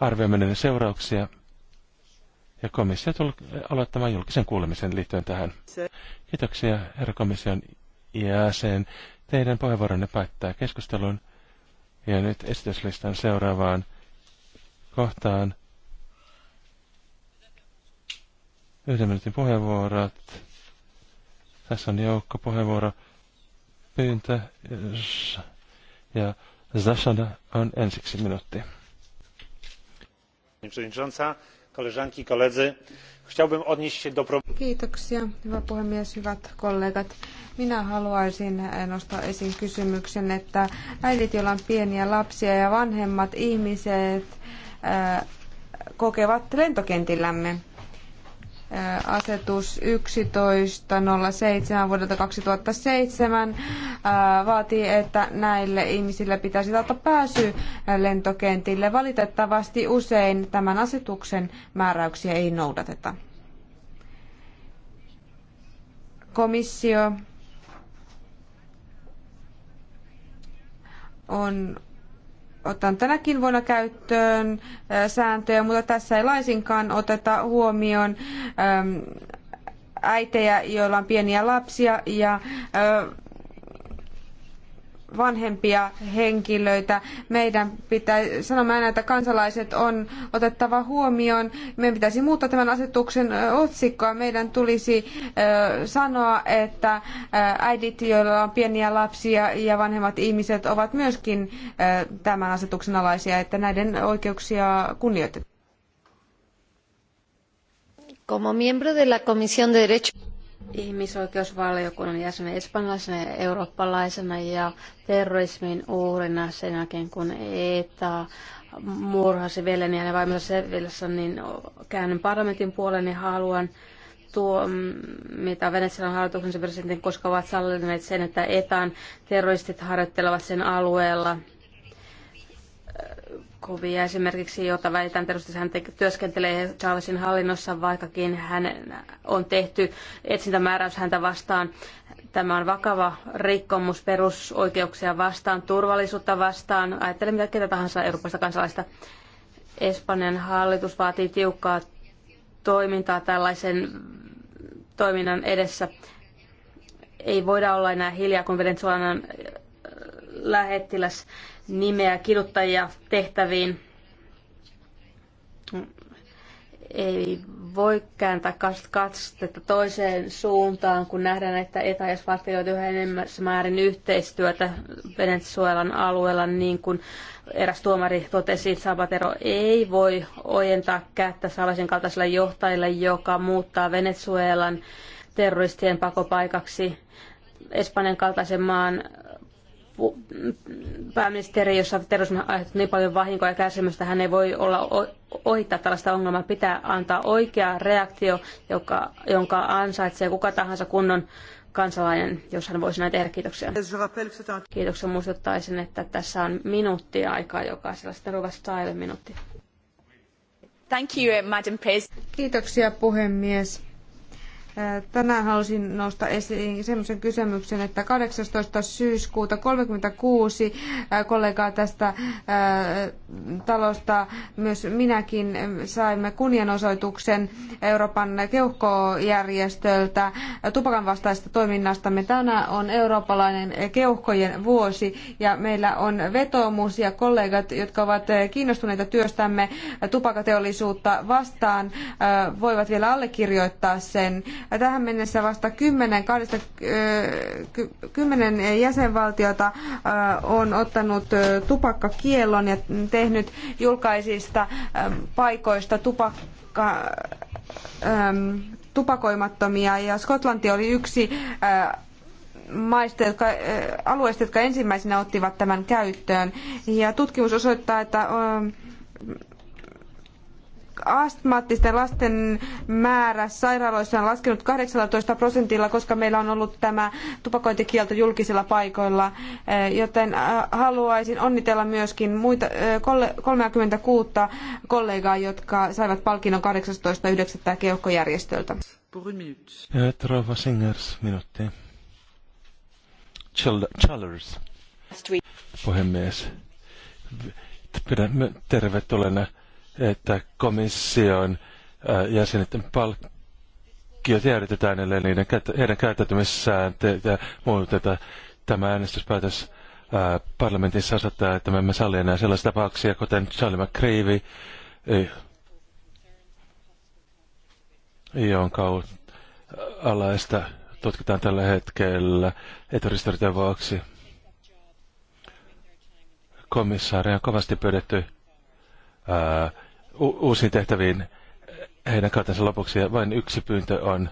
arvioimme niiden seurauksia. Ja komissio tulee aloittamaan julkisen kuulemisen liittyen tähän. Kiitoksia, herra komission jäsen. Teidän puheenvuoronne päättää keskustelun. Ja nyt esityslistan seuraavaan kohtaan. Yhden minuutin puheenvuorot. Tässä on joukko puheenvuoro. Pyyntö ja Zasada on ensiksi minuutti pani przewodnicząca! koleżanki i koledzy! chciałbym odnieść się do Kiitoksia, hyvä puhemies, hyvät kollegat. Minä haluaisin eh, nostaa esiin kysymyksen, että äidit, joilla on pieniä lapsia ja vanhemmat ihmiset, eh, kokevat lentokentillämme asetus 11.07 vuodelta 2007 äh, vaatii, että näille ihmisille pitäisi taata pääsy lentokentille. Valitettavasti usein tämän asetuksen määräyksiä ei noudateta. Komissio on otan tänäkin vuonna käyttöön sääntöjä, mutta tässä ei laisinkaan oteta huomioon äitejä, joilla on pieniä lapsia ja vanhempia henkilöitä. Meidän pitää sanoa että kansalaiset on otettava huomioon. Meidän pitäisi muuttaa tämän asetuksen otsikkoa. Meidän tulisi sanoa, että äidit, joilla on pieniä lapsia ja vanhemmat ihmiset ovat myöskin tämän asetuksen alaisia, että näiden oikeuksia kunnioitetaan. Como miembro de la Comisión de Derechos ihmisoikeusvaliokunnan jäsenen espanjalaisena ja eurooppalaisena ja terrorismin uhrina sen jälkeen, kun ETA murhasi veljeni ja vaimonsa Sevillassa, niin käännyn parlamentin puoleen niin haluan tuo, mm, mitä Venetsian hallituksen presidentin, koska ovat sallineet sen, että etan terroristit harjoittelevat sen alueella – kuvia esimerkiksi, jota väitän perusteella hän työskentelee Chavezin hallinnossa, vaikkakin hän on tehty etsintämääräys häntä vastaan. Tämä on vakava rikkomus perusoikeuksia vastaan, turvallisuutta vastaan, ajattele mitä ketä tahansa Euroopasta kansalaista. Espanjan hallitus vaatii tiukkaa toimintaa tällaisen toiminnan edessä. Ei voida olla enää hiljaa, kun Venezuelan lähettiläs nimeä kiduttajia tehtäviin. Ei voi kääntää katsetta toiseen suuntaan, kun nähdään, että etä- ja svartioita yhä enemmän määrin yhteistyötä Venezuelan alueella, niin kuin eräs tuomari totesi, Sabatero ei voi ojentaa kättä salaisen kaltaiselle johtajille, joka muuttaa Venezuelan terroristien pakopaikaksi Espanjan kaltaisen maan pääministeri, jossa terrorismi on niin paljon vahinkoa ja kärsimystä, hän ei voi olla ohittaa tällaista ongelmaa. Pitää antaa oikea reaktio, joka, jonka ansaitsee kuka tahansa kunnon kansalainen, jos hän voisi näin tehdä. Kiitoksia. Kiitoksia. Muistuttaisin, että tässä on minuutti aikaa jokaisella. Sitten ruvasi minuutti. Thank you, Madam President. Kiitoksia puhemies Tänään halusin nostaa esiin semmoisen kysymyksen, että 18. syyskuuta 36 kollegaa tästä talosta, myös minäkin saimme kunnianosoituksen Euroopan keuhkojärjestöltä tupakan vastaista toiminnastamme. Tänään on eurooppalainen keuhkojen vuosi ja meillä on vetoomus ja kollegat, jotka ovat kiinnostuneita työstämme tupakateollisuutta vastaan, voivat vielä allekirjoittaa sen Tähän mennessä vasta 10, 10 jäsenvaltiota on ottanut tupakkakielon ja tehnyt julkaisista paikoista tupakka tupakoimattomia ja Skotlanti oli yksi maista, jotka, alueista, jotka ensimmäisenä ottivat tämän käyttöön. Ja tutkimus osoittaa, että astmaattisten lasten määrä sairaaloissa on laskenut 18 prosentilla, koska meillä on ollut tämä tupakointikielto julkisilla paikoilla. Eh, joten eh, haluaisin onnitella myöskin muita 36 eh, kollegaa, jotka saivat palkinnon 18.9. keuhkojärjestöltä. Trova Singers, minuutti. Challers, puhemies. Pidän tervetulleena että komission äh, jäsenten palkkiot jäädytetään, ellei niiden, heidän käyttäytymissään ja Tämä äänestyspäätös äh, parlamentissa osoittaa, että me emme salli enää sellaisia tapauksia, kuten Charlie McCreevy, äh, jonka alaista tutkitaan tällä hetkellä eturistoriteen vuoksi. Komissaaria on kovasti pyydetty ää, u- uusiin tehtäviin heidän kautensa lopuksi. Ja vain yksi pyyntö on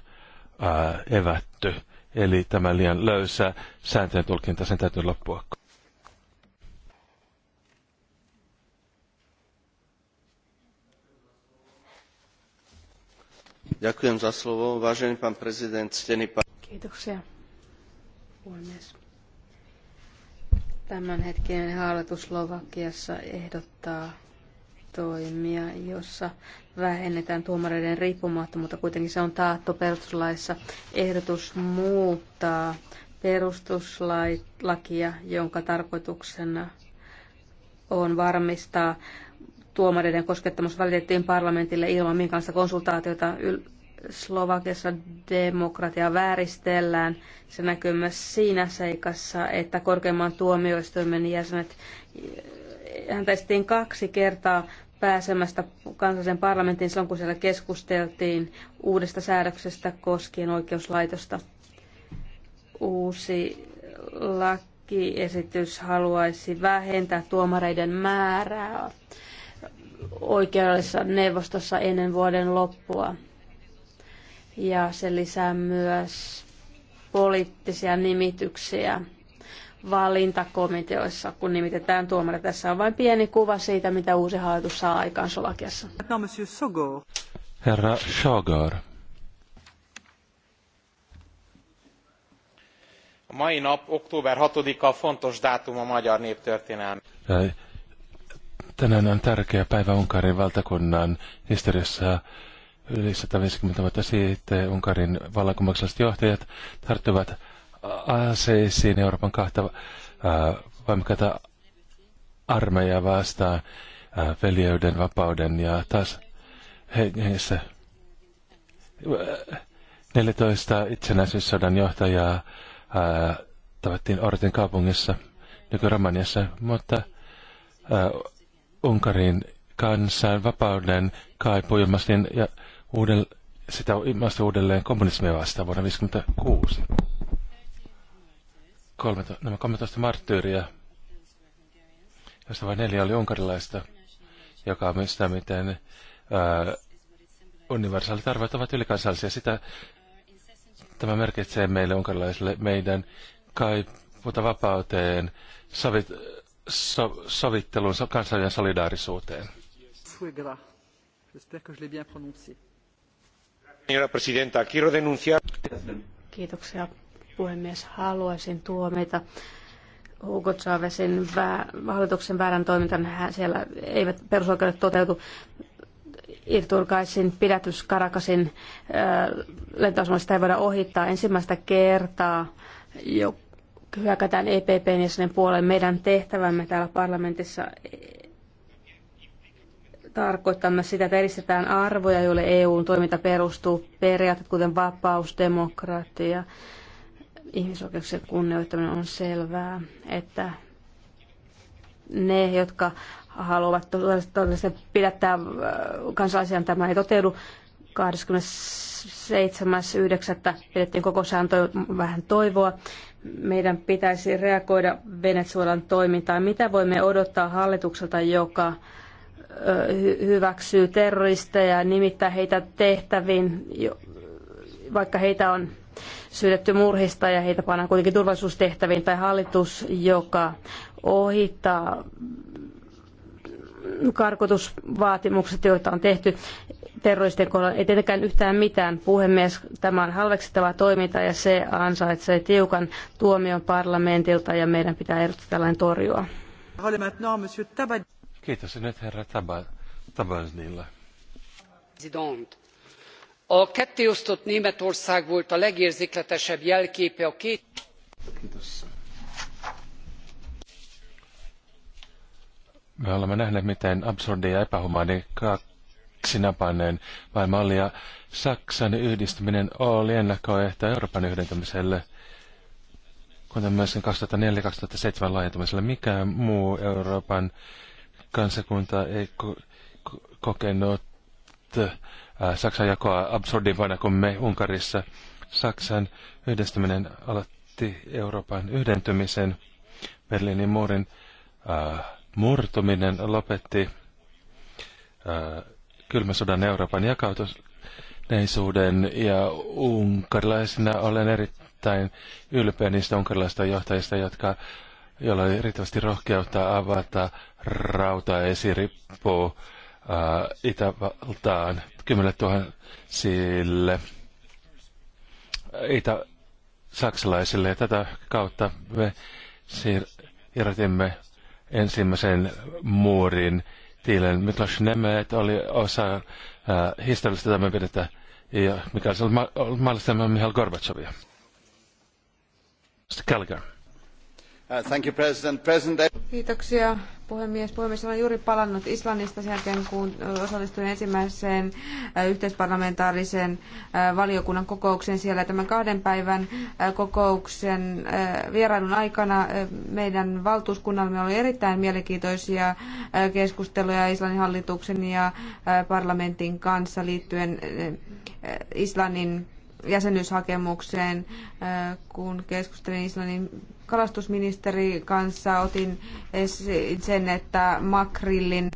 ää, evätty. Eli tämä liian löysä sääntöjen tulkinta, sen täytyy loppua. Ďakujem za slovo. Vážený pán prezident, pán... Kiitoksia, puhemies. Tämänhetkinen hallitus Slovakiassa ehdottaa toimia, jossa vähennetään tuomareiden riippumattomuutta. Kuitenkin se on taattu perustuslaissa. Ehdotus muuttaa perustuslakia, jonka tarkoituksena on varmistaa tuomareiden koskettamus välitettiin parlamentille ilman minkäänlaista konsultaatiota. Slovakiassa demokratia vääristellään. Se näkyy myös siinä seikassa, että korkeimman tuomioistuimen jäsenet häntä kaksi kertaa pääsemästä kansallisen parlamenttiin silloin, kun siellä keskusteltiin uudesta säädöksestä koskien oikeuslaitosta. Uusi lakiesitys haluaisi vähentää tuomareiden määrää oikeudellisessa neuvostossa ennen vuoden loppua. Ja se lisää myös poliittisia nimityksiä valintakomiteoissa, kun nimitetään tuomari. Tässä on vain pieni kuva siitä, mitä uusi hallitus saa aikaan Solakiassa. Herra Sogor. mai nap, október 6-a fontos dátum a magyar Tänään on tärkeä päivä Unkarin valtakunnan historiassa. Yli 150 vuotta siitä Unkarin vallankumoukselliset johtajat tarttuvat aseisiin Euroopan kahta äh, voimakkaita armeijaa vastaan äh, veljeyden, vapauden ja taas hengessä 14 äh, itsenäisyyssodan johtajaa tavattiin Orten kaupungissa, nyky-Romaniassa, mutta ää, Unkarin kansan vapauden kaipu ilmastin ja uuden, sitä ilmasta uudelleen kommunismia vastaan vuonna 1956. 13, nämä 13 marttyyriä, joista vain neljä oli unkarilaista, joka on sitä, miten ää, universaalit arvot ovat ylikansallisia. Sitä tämä merkitsee meille unkarilaisille meidän kaiputa vapauteen, savit, so, sovitteluun, so, kansallinen solidaarisuuteen. presidenta, quiero denunciar... Kiitoksia puhemies, haluaisin tuomita Hugo Chavezin vä- hallituksen väärän toiminnan. siellä eivät perusoikeudet toteutu. Irturkaisin pidätys Karakasin lentoasemalla ei voida ohittaa ensimmäistä kertaa. Jo hyökätään EPPn ja sen puoleen. Meidän tehtävämme täällä parlamentissa tarkoittamme sitä, että edistetään arvoja, joille EUn toiminta perustuu, periaatteet kuten vapaus, demokratia, ihmisoikeuksien kunnioittaminen on selvää, että ne, jotka haluavat todellisesti pidättää äh, kansalaisia, niin tämä ei toteudu. 27.9. pidettiin koko antoi vähän toivoa. Meidän pitäisi reagoida Venezuelan toimintaan. Mitä voimme odottaa hallitukselta, joka äh, hyväksyy terroristeja ja nimittää heitä tehtäviin, vaikka heitä on syytetty murhista ja heitä pannaan kuitenkin turvallisuustehtäviin tai hallitus, joka ohittaa karkotusvaatimukset, joita on tehty terroristien kohdalla. Ei tietenkään yhtään mitään, puhemies. Tämä on halveksittavaa toimintaa ja se ansaitsee tiukan tuomion parlamentilta ja meidän pitää ehdottaa tällainen torjua. Kiitos nyt herra Tabaznilla. Tabaz a kettéosztott németország volt a legérzékletesebb jelképe a két. Me olemme nähneet, miten absurdi ja epähumaani kaksinapainen vain malli ja Saksan yhdistyminen oli ennakkoehto Euroopan yhdentämiselle, kuten 2004-2007 laajentumiselle. Mikään muu Euroopan kansakunta ei ko- ko- kokenut Äh, Saksan jakoa absurdin vuonna kuin me Unkarissa. Saksan yhdistäminen aloitti Euroopan yhdentymisen. Berliinin muurin äh, murtuminen lopetti äh, kylmän sodan Euroopan jakautuneisuuden ja unkarilaisena olen erittäin ylpeä niistä unkarilaisista johtajista, jotka jolla oli riittävästi rohkeutta avata rautaesirippu Äh, Itävaltaan, kymmenelle tuhansille itä-saksalaisille. Ja tätä kautta me siir- ensimmäisen muurin tiilen. Miklas Nemet oli osa äh, historiallista toimenpidettä, mikä oli ma- mahdollista Mihail Gorbachevia. Sitten Calgary. Uh, arvoisa Kiitoksia puhemies. Puhemies on juuri palannut Islannista sen jälkeen, kun osallistuin ensimmäiseen yhteisparlamentaarisen valiokunnan kokoukseen siellä. Tämän kahden päivän kokouksen vierailun aikana meidän valtuuskunnallamme oli erittäin mielenkiintoisia keskusteluja Islannin hallituksen ja parlamentin kanssa liittyen Islannin jäsenyyshakemukseen, kun keskustelin Islannin kalastusministeri kanssa otin sen, että makrillin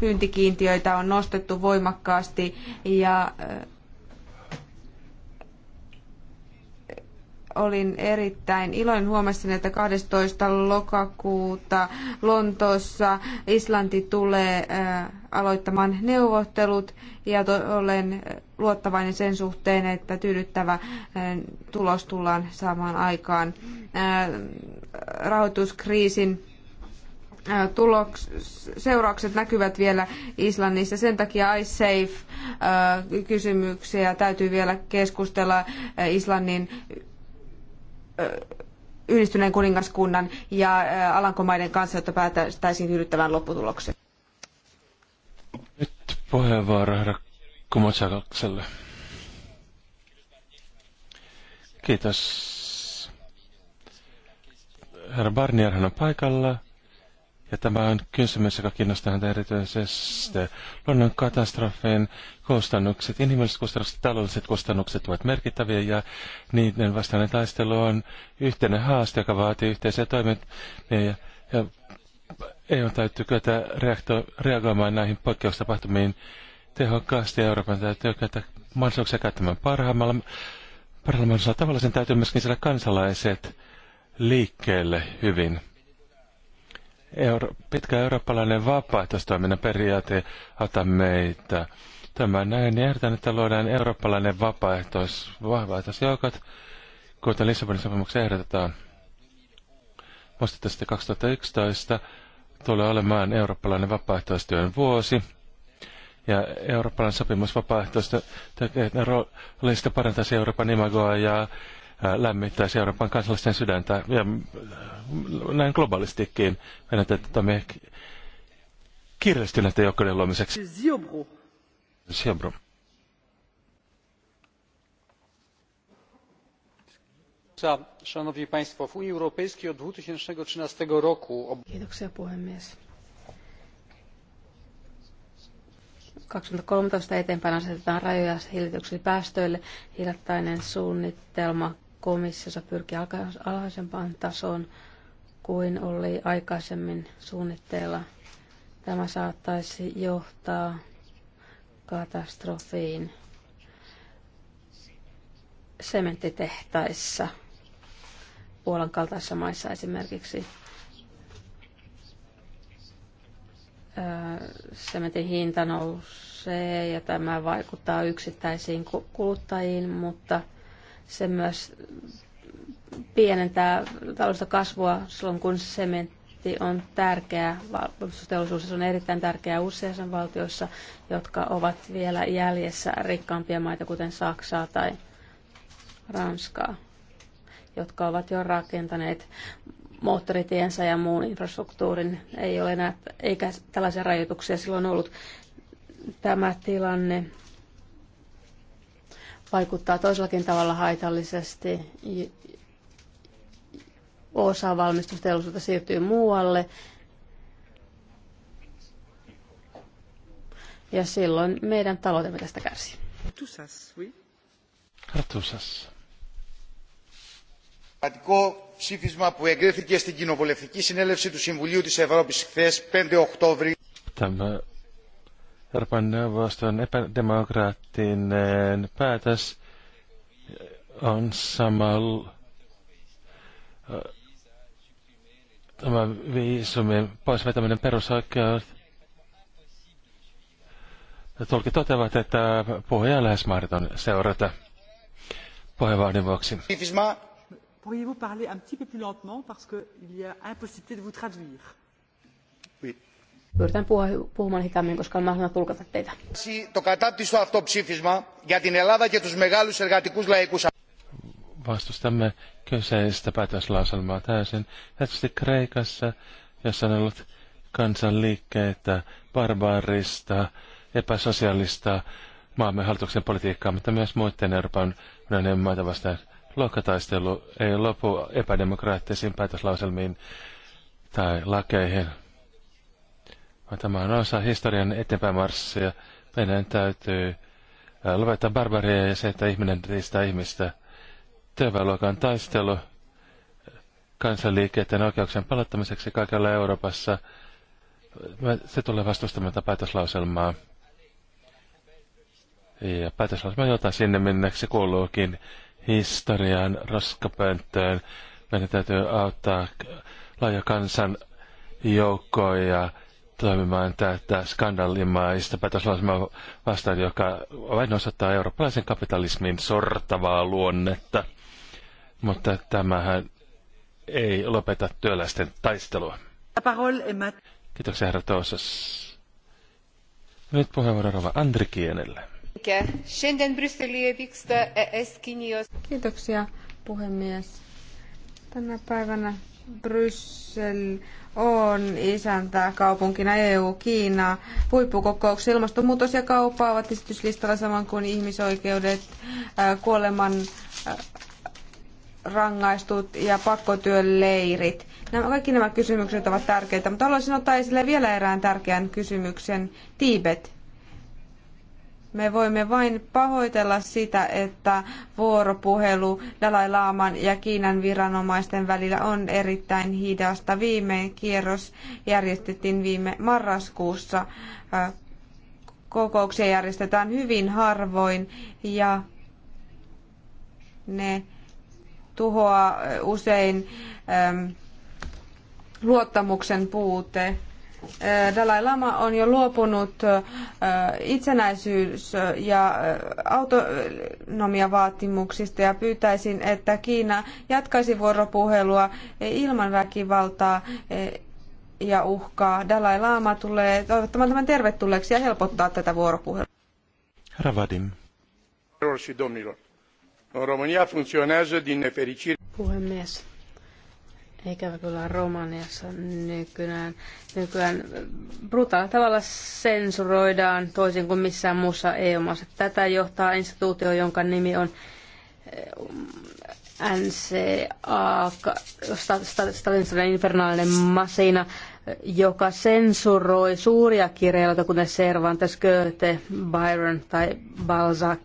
pyyntikiintiöitä on nostettu voimakkaasti ja olin erittäin iloinen. Huomasin, että 12. lokakuuta Lontoossa Islanti tulee äh, aloittamaan neuvottelut ja olen luottavainen sen suhteen, että tyydyttävä äh, tulos tullaan saamaan aikaan. Äh, rahoituskriisin tuloks, seuraukset näkyvät vielä Islannissa. Sen takia iSafe-kysymyksiä täytyy vielä keskustella Islannin yhdistyneen kuningaskunnan ja Alankomaiden kanssa, jotta päästäisiin tyydyttävään lopputulokseen. Nyt puheenvuoro herra Kumotsakakselle. Kiitos. Herra Barnierhan on paikalla. Ja tämä on kysymys, joka kiinnostaa häntä erityisesti. Luonnon katastrofien kustannukset, inhimilliset kustannukset, taloudelliset kustannukset ovat merkittäviä ja niiden vastainen taistelu on yhteinen haaste, joka vaatii yhteisiä toimintaa. Ja, ja EU täytyy kyetä reakto- reagoimaan näihin poikkeustapahtumiin tehokkaasti Euroopan täytyy kyetä mahdollisuuksia käyttämään parhaimmalla, parhaimmalla tavalla. Sen täytyy myöskin siellä kansalaiset liikkeelle hyvin euro, pitkä eurooppalainen vapaaehtoistoiminnan periaate ota meitä. Tämä näin järjestän, että luodaan eurooppalainen vapaaehtois, vapaaehtoisjoukot, kuten Lissabonin sopimuksessa ehdotetaan. Muistatte 2011 tulee olemaan eurooppalainen vapaaehtoistyön vuosi. Ja eurooppalainen sopimus vapaaehtoista roolista parantaisi Euroopan imagoa ja lämmittäisi Euroopan kansalaisten sydäntä ja näin globaalistikin meidän täytyy kiireellisesti näiden joukkojen luomiseksi. Siobro. Siobro. Szanowni Państwo, w Unii Europejskiej od 2013 roku... Kiitoksia puhemies. 2013 eteenpäin asetetaan rajoja hiilidioksidipäästöille. Hiljattainen suunnitelma komissiossa pyrki alhaisempaan tasoon kuin oli aikaisemmin suunnitteilla. Tämä saattaisi johtaa katastrofiin sementtitehtaissa, Puolan kaltaisissa maissa esimerkiksi. Sementin hinta nousee ja tämä vaikuttaa yksittäisiin kuluttajiin, mutta – se myös pienentää taloudellista kasvua silloin, kun sementti on tärkeä. Valmistusteollisuus on erittäin tärkeä useissa valtioissa, jotka ovat vielä jäljessä rikkaampia maita, kuten Saksaa tai Ranskaa, jotka ovat jo rakentaneet moottoritiensä ja muun infrastruktuurin. Ei ole enää, eikä tällaisia rajoituksia silloin ollut. Tämä tilanne vaikuttaa toisellakin tavalla haitallisesti. Osa valmistusteollisuutta siirtyy muualle. Ja silloin meidän taloutemme tästä kärsii. Tusas, oui. Tusas. Πραγματικό ψήφισμα που εγκρίθηκε στην κοινοβουλευτική συνέλευση του Συμβουλίου της Ευρώπης χθες 5 Οκτώβρη. Tämä Euroopan neuvoston epädemokraattinen päätös on samalla äh, tämä viisumin pois vetäminen perusoikeus. Tulkit toteavat, että puhuja on lähes mahdoton seurata puheenvaadin vuoksi. Pourriez-vous parler un petit peu plus lentement parce qu'il y a impossibilité de vous traduire. Yritän puhua, puhumaan hitaammin, koska on mahdollista tulkata teitä. Το κατάπτυστο αυτό ψήφισμα για την Ελλάδα και τους μεγάλους εργατικούς λαϊκούς... Vastustamme kyseistä päätöslauselmaa täysin. Tietysti Kreikassa, jossa on ollut kansanliikkeitä, barbaarista, epäsosiaalista maamme hallituksen politiikkaa, mutta myös muiden Euroopan unionin maita vastaan. Luokkataistelu ei lopu epädemokraattisiin päätöslauselmiin tai lakeihin vaan tämä on osa historian eteenpäinmarssia. Meidän täytyy lopettaa barbaria ja se, että ihminen riistää ihmistä. Työväenluokan taistelu kansanliikkeiden oikeuksien palauttamiseksi kaikella Euroopassa. Se tulee vastustamaan tätä päätöslauselmaa. Ja päätöslauselma jotain sinne, minne se kuuluukin historian roskapönttöön. Meidän täytyy auttaa laaja kansan joukkoja. ja toimimaan tätä skandalimaista päätöslausumaa vastaan, joka vain osoittaa eurooppalaisen kapitalismin sortavaa luonnetta. Mutta tämähän ei lopeta työläisten taistelua. Kiitoksia herra Toosas. Nyt puheenvuoro Rova Andri Kienelle. E- Kiitoksia puhemies. Tänä päivänä Bryssel on isäntä kaupunkina EU, Kiina. Huippukokouksessa ilmastonmuutos ja kauppa ovat esityslistalla saman kuin ihmisoikeudet, kuoleman rangaistut ja pakkotyöleirit. Nämä, kaikki nämä kysymykset ovat tärkeitä, mutta haluaisin ottaa esille vielä erään tärkeän kysymyksen, Tiibet. Me voimme vain pahoitella sitä, että vuoropuhelu Dalai Laaman ja Kiinan viranomaisten välillä on erittäin hidasta. Viimein kierros järjestettiin viime marraskuussa. Kokouksia järjestetään hyvin harvoin ja ne tuhoaa usein luottamuksen puute Äh, Dalai Lama on jo luopunut äh, itsenäisyys- ja äh, autonomiavaatimuksista ja pyytäisin, että Kiina jatkaisi vuoropuhelua ilman väkivaltaa ja uhkaa. Dalai Lama tulee toivottamaan tämän tervetulleeksi ja helpottaa tätä vuoropuhelua. Ravadim. Puhemies, Ikävä kyllä Romaniassa nykyään, nykyään brutaalilla tavalla sensuroidaan toisin kuin missään muussa EU-maassa. Tätä johtaa instituutio, jonka nimi on eh, um, NCA, Stalinsodan infernaalinen masina, joka sensuroi suuria kirjailijoita, kuten Cervantes, Goethe, Byron tai Balzac.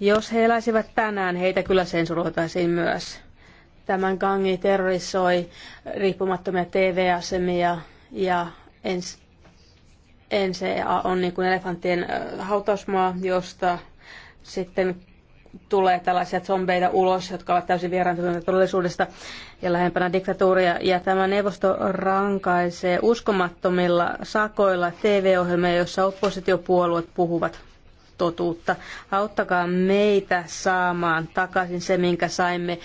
Jos he eläisivät tänään, heitä kyllä sensuroitaisiin myös. Tämän gangi terrorisoi riippumattomia TV-asemia ja NCA on niin kuin elefanttien hautausmaa, josta sitten tulee tällaisia zombeita ulos, jotka ovat täysin vieraantuneita todellisuudesta ja lähempänä diktatuuria. Ja tämä neuvosto rankaisee uskomattomilla sakoilla TV-ohjelmia, joissa oppositiopuolueet puhuvat totuutta. Auttakaa meitä saamaan takaisin se, minkä saimme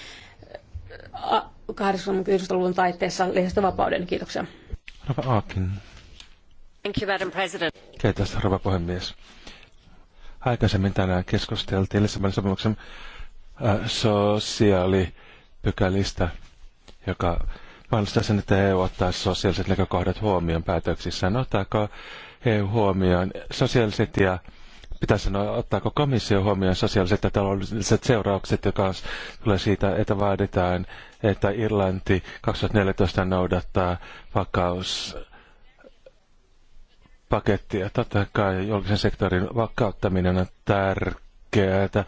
80-luvun taitteessa lehdistövapauden. Kiitoksia. Rava Aakin. Thank you, Madam President. Kiitos, rouva puhemies. Aikaisemmin tänään keskusteltiin Lissabonin sopimuksen äh, sosiaalipykälistä, joka mahdollistaa sen, että EU ottaa sosiaaliset näkökohdat huomioon päätöksissään. Ottaako EU huomioon sosiaaliset ja pitää sanoa, ottaako komissio huomioon sosiaaliset ja taloudelliset seuraukset, joka tulee siitä, että vaaditaan, että Irlanti 2014 noudattaa vakauspakettia, Totta kai julkisen sektorin vakauttaminen on tärkeää,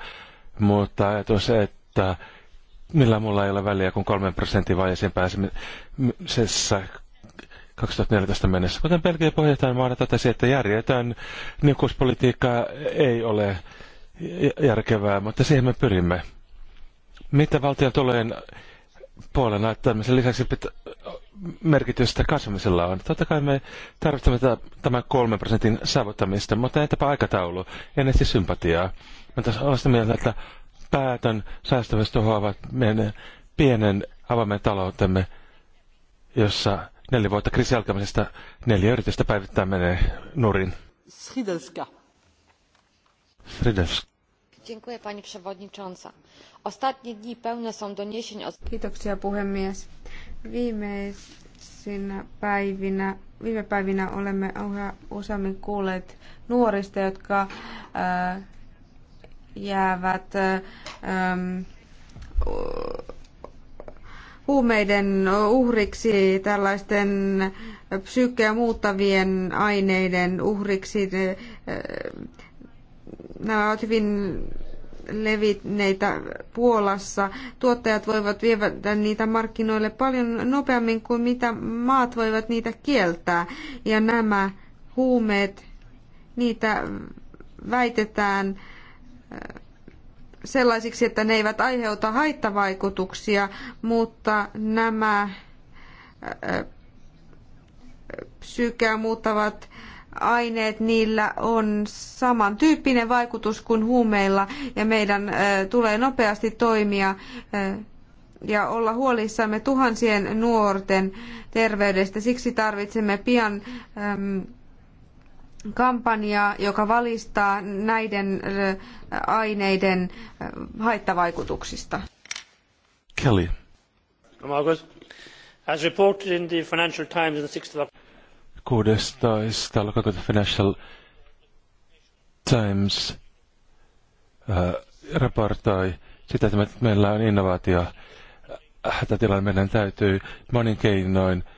mutta ajatus, että millä mulla ei ole väliä, kun kolmen prosentin vaiheeseen pääsemisessä 2014 mennessä. Kuten Belgian pohjataan maana totesi, että järjetön niukkuuspolitiikka ei ole järkevää, mutta siihen me pyrimme. Mitä valtion tulojen puolen näyttämisen lisäksi pitä, merkitystä kasvamisella on? Totta kai me tarvitsemme tämän kolmen prosentin saavuttamista, mutta entäpä aikataulu, en etsi sympatiaa. Mutta olen sitä mieltä, että päätön tuhoavat meidän pienen avaimen taloutemme, jossa neljä vuotta kriisin alkamisesta neljä yritystä päivittäin menee nurin. Sridelska. Sridelska. Dziękuję pani przewodnicząca. Ostatnie dni pełne są doniesień o... Kiitoksia puhemies. Viimeisinä päivinä, viime päivinä olemme useammin kuulleet nuorista, jotka äh, jäävät äh, huumeiden uhriksi, tällaisten psyykkeä muuttavien aineiden uhriksi. Eh, nämä ovat hyvin levinneitä Puolassa. Tuottajat voivat viedä niitä markkinoille paljon nopeammin kuin mitä maat voivat niitä kieltää. Ja nämä huumeet, niitä väitetään eh, sellaisiksi, että ne eivät aiheuta haittavaikutuksia, mutta nämä psyykeä äh, muuttavat aineet, niillä on samantyyppinen vaikutus kuin huumeilla ja meidän äh, tulee nopeasti toimia äh, ja olla huolissamme tuhansien nuorten terveydestä. Siksi tarvitsemme pian ähm, kampanjaa, joka valistaa näiden äh, aineiden äh, haittavaikutuksista. Kelly. No, as reported in the Financial Times on 6th of 16. lokakuuta Financial Times äh, raportoi sitä, että meillä on innovaatio hätätilanne. Meidän täytyy monin keinoin äh,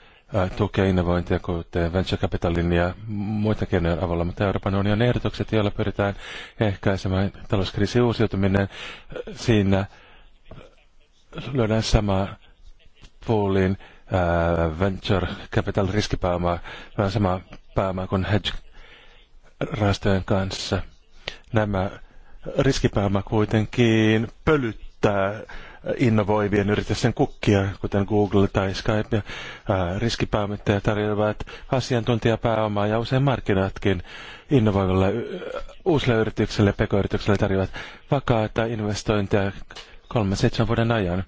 tukea innovointia, kuten venture capitalin ja muiden keinojen avulla, mutta Euroopan unionin ehdotukset, joilla pyritään ehkäisemään talouskriisin uusiutuminen, siinä lyödään sama poolin venture capital riskipääomaa, vähän sama pääomaa kuin hedge rahastojen kanssa. Nämä riskipääoma kuitenkin pölyttää käyttää äh, innovoivien yritysten kukkia, kuten Google tai Skype, ja äh, riskipääomittajat tarjoavat asiantuntijapääomaa ja usein markkinatkin innovoiville äh, uusille yrityksille ja pk-yrityksille tarjoavat vakaata investointeja kolme seitsemän vuoden ajan.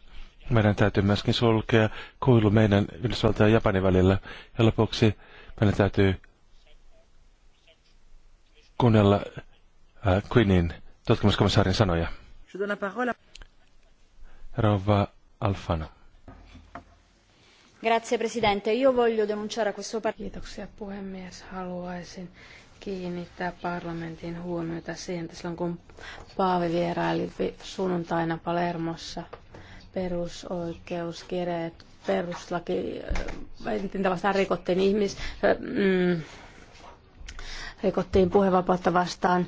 Meidän täytyy myöskin sulkea kuilu meidän Yhdysvaltain ja Japanin välillä. Ja lopuksi meidän täytyy kuunnella äh, Queenin tutkimuskomissaarin sanoja. Rova Presidente. Io voglio puhemies. Haluaisin kiinnittää parlamentin huomiota siihen, että silloin kun Paavi vieraili sunnuntaina Palermossa perusoikeuskirjeet, peruslaki, äh, entintä vastaan rikottiin ihmis, äh, mm, rikottiin puhevapautta vastaan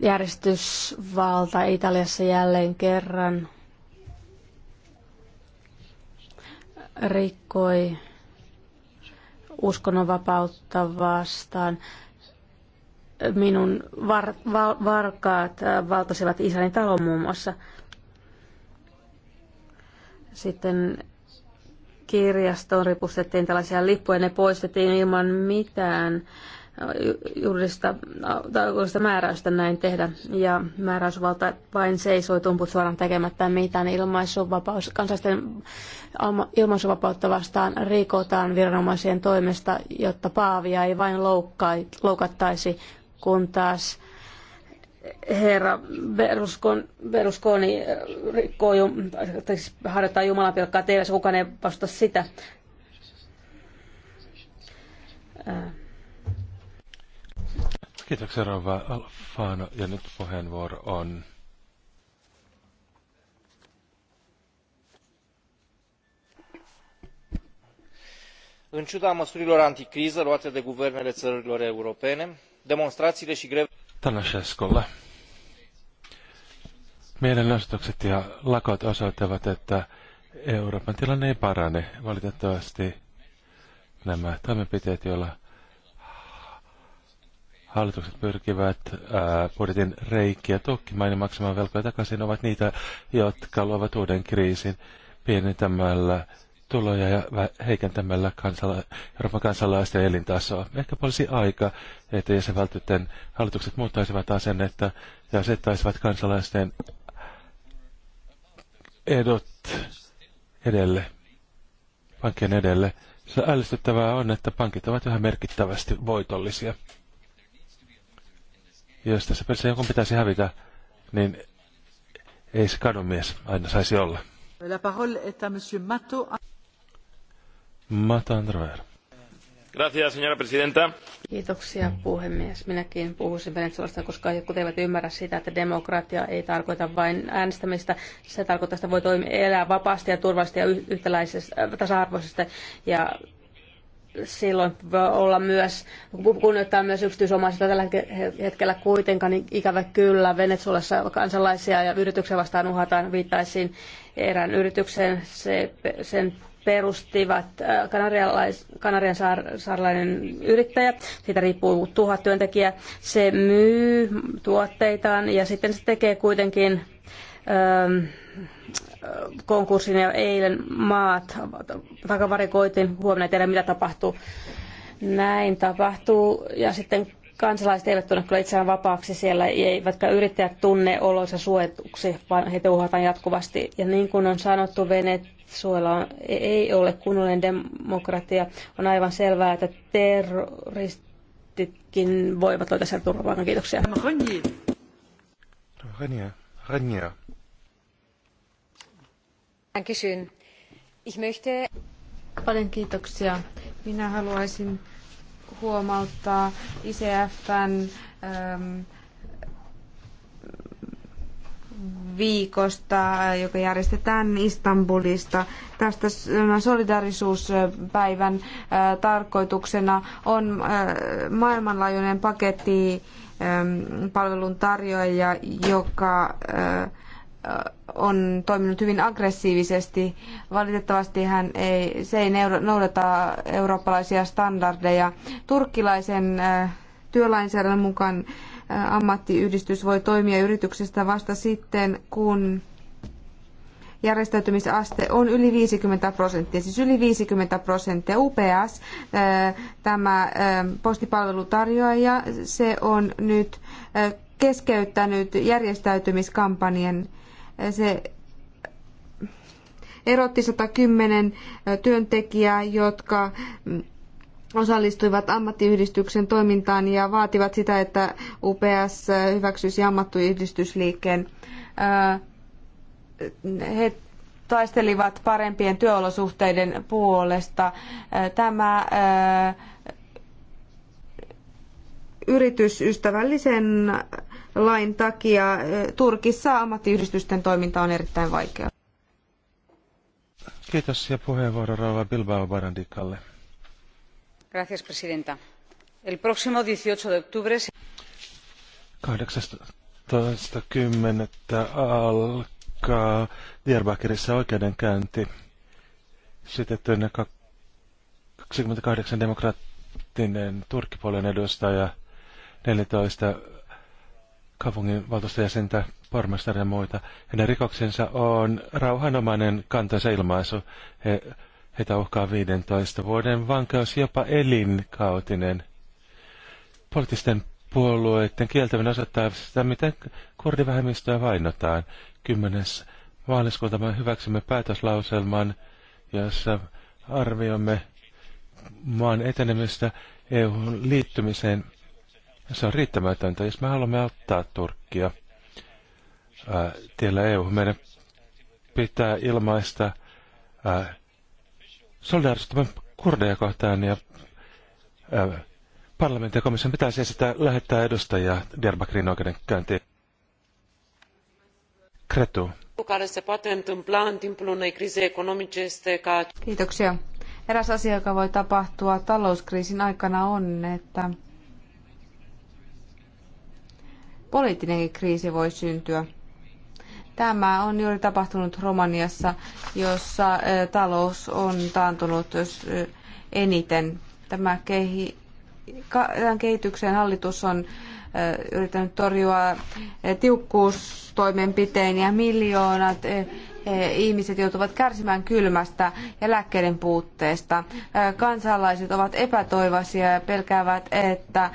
järjestysvalta Italiassa jälleen kerran rikkoi uskonnonvapautta vastaan. Minun var, val, varkaat äh, valtasivat isäni talon muun muassa. Sitten kirjastoon ripustettiin tällaisia lippuja, ne poistettiin ilman mitään juridista, tai juridista määräystä näin tehdä, ja määräysvalta vain seisoi tumput suoraan tekemättä mitään. Ilmaisuvapaus, kansallisten ilmaisuvapautta vastaan rikotaan viranomaisien toimesta, jotta paavia ei vain loukkaa, loukattaisi, kun taas herra Berlusconi, Berlusconi rikkoo, tai siis harjoittaa Jumalan pilkkaa teille, kukaan ei vasta sitä. Äh Kiitoksia Rova Alfano ja nyt puheenvuoro on în ciuda măsurilor anticriză luate de guvernele țărilor europene demonstrațiile și greve... grevele Mielenosoitukset ja lakot osoittavat, että Euroopan tilanne ei parane. Valitettavasti nämä toimenpiteet, joilla Hallitukset pyrkivät ää, budjetin reikiä tukkimaan ja maksamaan velkoja takaisin ovat niitä, jotka luovat uuden kriisin pienentämällä tuloja ja heikentämällä kansala- Euroopan kansalaisten elintasoa. Ehkä olisi aika, että jäsenvaltioiden hallitukset muuttaisivat asennetta ja asettaisivat kansalaisten edot edelle, pankkien edelle. Se ällistyttävää on, että pankit ovat yhä merkittävästi voitollisia. Jos tässä pelissä jonkun pitäisi hävitä, niin ei se kadunmies aina saisi olla. La parole est à monsieur Mato. Mato Androver. Gracias, señora presidenta. Kiitoksia, puhemies. Minäkin puhuisin Venezuelasta, koska jotkut eivät ymmärrä sitä, että demokratia ei tarkoita vain äänestämistä. Se tarkoittaa, että voi toimia, elää vapaasti ja turvallisesti ja yhtäläisesti, tasa-arvoisesti ja silloin voi olla myös, kunnioittaa myös yksityisomaisuutta tällä hetkellä kuitenkaan, niin ikävä kyllä Venezuelassa kansalaisia ja yrityksiä vastaan uhataan, viittaisiin erään yritykseen, se, sen perustivat äh, Kanarian saar, saarlainen yrittäjä. Siitä riippuu tuhat työntekijää. Se myy tuotteitaan ja sitten se tekee kuitenkin öö, konkurssin ja eilen maat takavarikoitiin, huomenna ei mitä tapahtuu. Näin tapahtuu ja sitten kansalaiset eivät tunne kyllä itseään vapaaksi siellä, eivätkä yrittäjät tunne oloissa suojatuksi, vaan heitä uhataan jatkuvasti. Ja niin kuin on sanottu, Venezuela on, ei ole kunnollinen demokratia. On aivan selvää, että terroristitkin voivat olla siellä turvaan. Kiitoksia. Rania. Rania. Paljon kiitoksia. Minä haluaisin huomauttaa ICFn ähm, viikosta, joka järjestetään Istanbulista. Tästä solidarisuuspäivän äh, tarkoituksena on äh, maailmanlaajuinen paketti ähm, palveluntarjoajia, joka äh, Äh, on toiminut hyvin aggressiivisesti. Valitettavasti hän ei, se ei noudata eurooppalaisia standardeja. Turkkilaisen äh, työlainsäädännön mukaan äh, ammattiyhdistys voi toimia yrityksestä vasta sitten, kun järjestäytymisaste on yli 50 prosenttia, siis yli 50 prosenttia. UPS, tämä postipalvelutarjoaja, se on nyt keskeyttänyt järjestäytymiskampanjan se erotti 110 työntekijää, jotka osallistuivat ammattiyhdistyksen toimintaan ja vaativat sitä, että UPS hyväksyisi ammattiyhdistysliikkeen. He taistelivat parempien työolosuhteiden puolesta. Tämä yritysystävällisen lain takia Turkissa ammattiyhdistysten toiminta on erittäin vaikeaa. Kiitos ja puheenvuoro rouva Bilbao Barandikalle. Gracias, presidenta. El próximo 18 de octubre... 18.10. alkaa Diyarbakirissa oikeudenkäynti sitettynä 28 demokraattinen turkkipuolen edustaja 14 kaupungin valtuustojäsentä, pormestaria ja muita. Heidän rikoksensa on rauhanomainen kantansa ilmaisu. He, heitä uhkaa 15 vuoden vankeus, jopa elinkautinen. Poliittisten puolueiden kieltäminen osoittaa sitä, miten kurdivähemmistöä vainotaan. 10. maaliskuuta me hyväksymme päätöslauselman, jossa arvioimme maan etenemistä eu liittymiseen ja se on riittämätöntä. Jos me haluamme auttaa Turkkia ää, äh, tiellä EU, meidän pitää ilmaista ää, äh, solidaarisuuttamme kurdeja kohtaan ja äh, parlamentin ja komission pitäisi esittää lähettää edustajia Diyarbakirin oikeudenkäyntiin. Kretu. Kiitoksia. Eräs asia, joka voi tapahtua talouskriisin aikana on, että poliittinenkin kriisi voi syntyä. Tämä on juuri tapahtunut Romaniassa, jossa talous on taantunut eniten. Tämä kehi, tämän kehityksen hallitus on yrittänyt torjua tiukkuustoimenpiteen ja miljoonat ihmiset joutuvat kärsimään kylmästä ja lääkkeiden puutteesta. Kansalaiset ovat epätoivoisia ja pelkäävät, että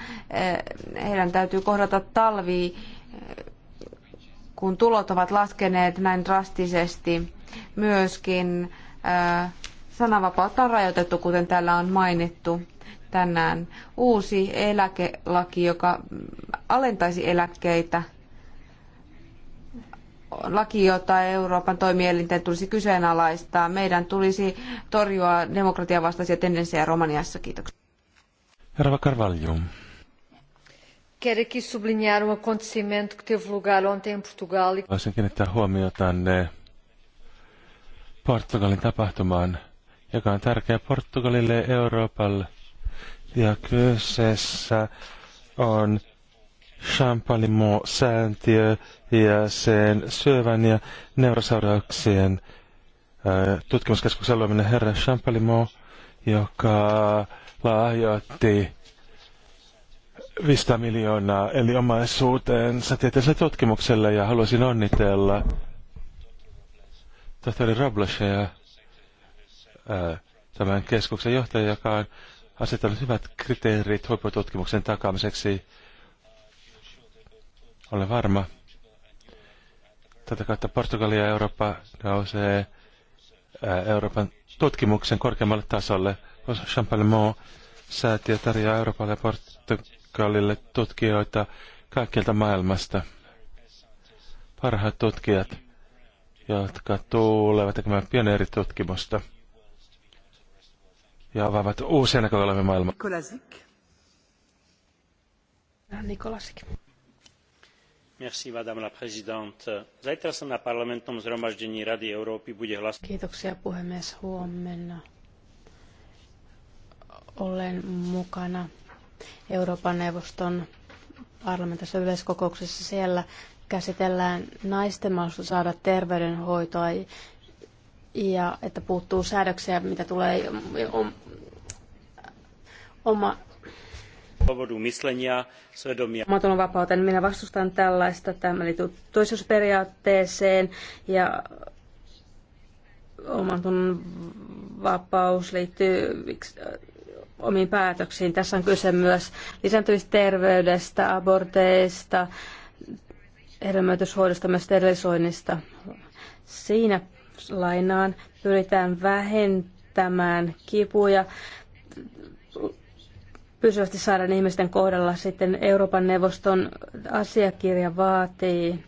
heidän täytyy kohdata talvi, kun tulot ovat laskeneet näin drastisesti. Myöskin sananvapautta on rajoitettu, kuten täällä on mainittu tänään. Uusi eläkelaki, joka alentaisi eläkkeitä laki, jota Euroopan toimielinten tulisi kyseenalaistaa. Meidän tulisi torjua demokratian vastaisia tendenssejä Romaniassa. Kiitoksia. Herra Carvalho. Quero um e kiinnittää huomiota Portugalin tapahtumaan, joka on tärkeä Portugalille ja Euroopalle. Ja kyseessä on Champalimo-sääntiö ja sen syövän ja neurosaurauksien äh, tutkimuskeskuksen luominen herra Champalimo, joka lahjoitti 500 miljoonaa eli omaisuuteensa tieteelliselle tutkimukselle ja haluaisin onnitella tohtori ja äh, tämän keskuksen johtaja, joka on asettanut hyvät kriteerit huippututkimuksen takaamiseksi olen varma. Tätä kautta Portugalia ja Eurooppa nousee Euroopan tutkimuksen korkeammalle tasolle. Champagne säätiö tarjoaa Euroopalle ja Portugalille tutkijoita kaikkialta maailmasta. Parhaat tutkijat, jotka tulevat tekemään pioneeritutkimusta ja avaavat uusia näkökulmia maailmaa. Nikolasik. Nikolasik. Merci, madame la présidente. Zajtra sa na parlamentnom zhromaždení Rady Európy bude hlasovať. Kiitoksia Huomenna olen mukana Euroopan neuvoston parlamentissa yleiskokouksessa. Siellä käsitellään naisten mahdollisuus saada terveydenhoitoa ja että puuttuu säädöksiä, mitä tulee oma, Omatunnon vapauteen minä vastustan tällaista. Tämä liittyy toisuusperiaatteeseen ja omatunnon vapaus liittyy äh, omiin päätöksiin. Tässä on kyse myös terveydestä, aborteista, hedelmöityshoidosta, myös sterilisoinnista. Siinä lainaan pyritään vähentämään kipuja pysyvästi saadaan ihmisten kohdalla. Sitten Euroopan neuvoston asiakirja vaatii,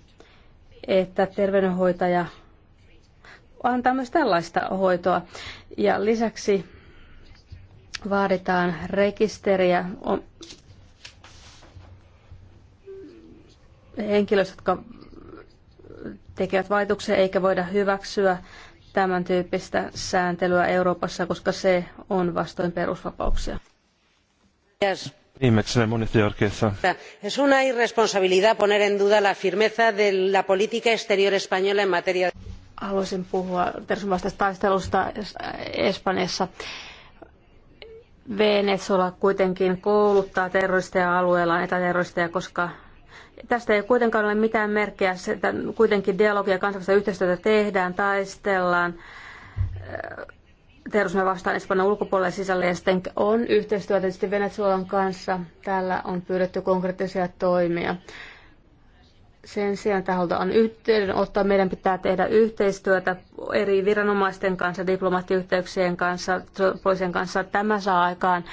että terveydenhoitaja antaa myös tällaista hoitoa. Ja lisäksi vaaditaan rekisteriä henkilöistä, jotka tekevät vaikutuksia, eikä voida hyväksyä tämän tyyppistä sääntelyä Euroopassa, koska se on vastoin perusvapauksia. Viimeksi munistiorkeissa. Es una irresponsabilidad poner en duda la firmeza de la política exterior española en materia... Haluaisin puhua terrorismin Espanjassa. Venezuela kuitenkin kouluttaa terroristeja alueellaan etäterroristeja, koska tästä ei kuitenkaan ole mitään merkkejä, että kuitenkin dialogia kansainvälistä yhteistyötä tehdään, taistellaan terrorismia vastaan Espanjan ulkopuolelle sisälle ja sitten on yhteistyötä tietysti Venezuelan kanssa. Täällä on pyydetty konkreettisia toimia. Sen sijaan taholta on yhteydenottoa. Meidän pitää tehdä yhteistyötä eri viranomaisten kanssa, diplomaattiyhteyksien kanssa, poliisien kanssa. Tämä saa aikaan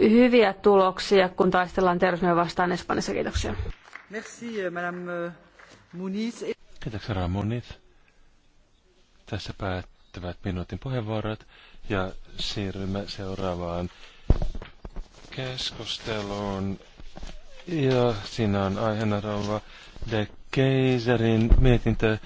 hyviä tuloksia, kun taistellaan terrorismia vastaan Espanjassa. Kiitoksia. Merci, euh, Madame euh, Muniz. Kiitoksia, Muniz. Tässä päät riittävät minuutin puheenvuorot ja siirrymme seuraavaan keskusteluun. Ja siinä on aiheena rouva De Keiserin mietintö